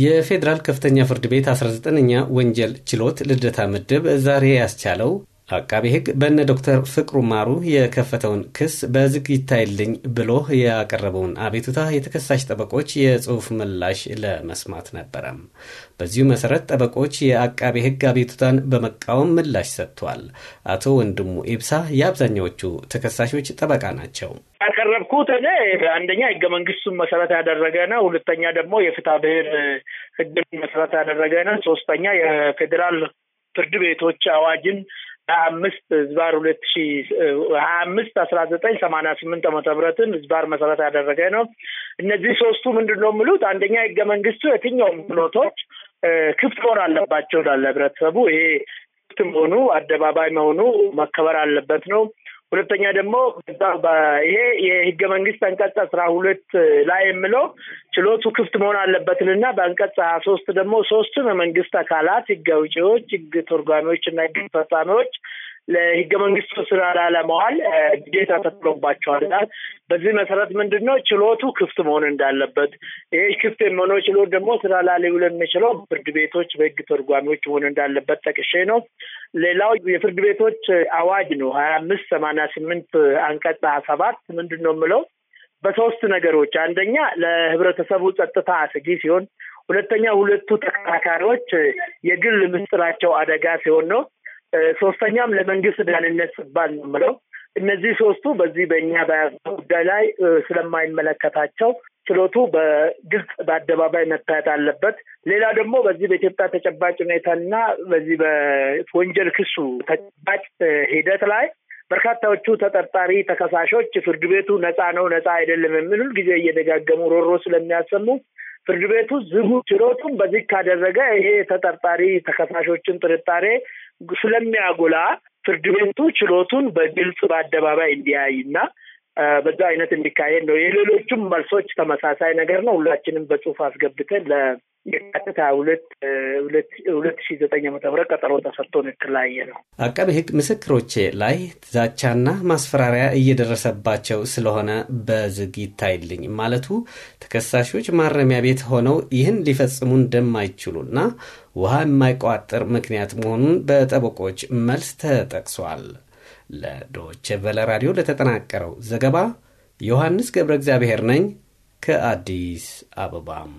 የፌዴራል ከፍተኛ ፍርድ ቤት 19ኛ ወንጀል ችሎት ልደታ ምድብ ዛሬ ያስቻለው አቃቤ ህግ በነ ዶክተር ፍቅሩ ማሩ የከፈተውን ክስ በዝግ ይታይልኝ ብሎ ያቀረበውን አቤቱታ የተከሳሽ ጠበቆች የጽሁፍ ምላሽ ለመስማት ነበረም። በዚሁ መሰረት ጠበቆች የአቃቤ ህግ አቤቱታን በመቃወም ምላሽ ሰጥቷል። አቶ ወንድሙ ኤብሳ የአብዛኛዎቹ ተከሳሾች ጠበቃ ናቸው። ያቀረብኩት እኔ አንደኛ ህገ መንግስቱን መሰረት ያደረገ ነው። ሁለተኛ ደግሞ የፍትሐ ብሔር ህግን መሰረት ያደረገ ነው። ሶስተኛ የፌዴራል ፍርድ ቤቶች አዋጅን ሀያ አምስት ህዝባር ሁለት ሺ ሀያ አምስት አስራ ዘጠኝ ሰማንያ ስምንት ዓመተ ምህረትን ህዝባር መሰረት ያደረገ ነው። እነዚህ ሶስቱ ምንድን ነው የምሉት? አንደኛ ህገ መንግስቱ የትኛውም ብሎቶች ክፍት መሆን አለባቸው ላለ ህብረተሰቡ ይሄ ክፍት መሆኑ አደባባይ መሆኑ መከበር አለበት ነው። ሁለተኛ ደግሞ ይሄ የህገ መንግስት አንቀጽ አስራ ሁለት ላይ የምለው ችሎቱ ክፍት መሆን አለበትንና በአንቀጽ ሀያ ሶስት ደግሞ ሶስቱም የመንግስት አካላት ህግ አውጪዎች፣ ህግ ተርጓሚዎች እና ህግ ፈጻሚዎች ለህገ መንግስቱ ስራ ላለመዋል ግዴታ ተጥሎባቸዋል ይላል። በዚህ መሰረት ምንድን ነው ችሎቱ ክፍት መሆን እንዳለበት፣ ይህ ክፍት የሚሆነው ችሎት ደግሞ ስራ ላሊውል የሚችለው ፍርድ ቤቶች በህግ ተርጓሚዎች መሆን እንዳለበት ጠቅሼ ነው። ሌላው የፍርድ ቤቶች አዋጅ ነው ሀያ አምስት ሰማንያ ስምንት አንቀጽ ሀያ ሰባት ምንድን ነው የምለው በሶስት ነገሮች አንደኛ ለህብረተሰቡ ጸጥታ አስጊ ሲሆን፣ ሁለተኛ ሁለቱ ተከራካሪዎች የግል ምስጢራቸው አደጋ ሲሆን ነው ሶስተኛም ለመንግስት ደህንነት ስባል ነው የምለው። እነዚህ ሶስቱ በዚህ በእኛ በያዝነው ጉዳይ ላይ ስለማይመለከታቸው ችሎቱ በግልጽ በአደባባይ መታየት አለበት። ሌላ ደግሞ በዚህ በኢትዮጵያ ተጨባጭ ሁኔታና በዚህ በወንጀል ክሱ ተጨባጭ ሂደት ላይ በርካታዎቹ ተጠርጣሪ ተከሳሾች ፍርድ ቤቱ ነፃ ነው ነፃ አይደለም የሚሉ ጊዜ እየደጋገሙ ሮሮ ስለሚያሰሙ ፍርድ ቤቱ ዝጉ ችሎቱም በዚህ ካደረገ ይሄ ተጠርጣሪ ተከሳሾችን ጥርጣሬ ስለሚያጎላ ፍርድ ቤቱ ችሎቱን በግልጽ በአደባባይ እንዲያይና በዛ አይነት እንዲካሄድ ነው። የሌሎቹም መልሶች ተመሳሳይ ነገር ነው። ሁላችንም በጽሁፍ አስገብተን የካቲት ሀያ ሁለት ሁለት ሺ ዘጠኝ ዓመተ ምህረት ቀጠሮ ተሰጥቶን የተለያየ ነው። አቃቤ ሕግ ምስክሮቼ ላይ ዛቻና ማስፈራሪያ እየደረሰባቸው ስለሆነ በዝግ ይታይልኝ ማለቱ ተከሳሾች ማረሚያ ቤት ሆነው ይህን ሊፈጽሙ እንደማይችሉና ውሃ የማይቋጥር ምክንያት መሆኑን በጠበቆች መልስ ተጠቅሷል። ለዶቼ ቨለ ራዲዮ ለተጠናቀረው ዘገባ ዮሐንስ ገብረ እግዚአብሔር ነኝ ከአዲስ አበባም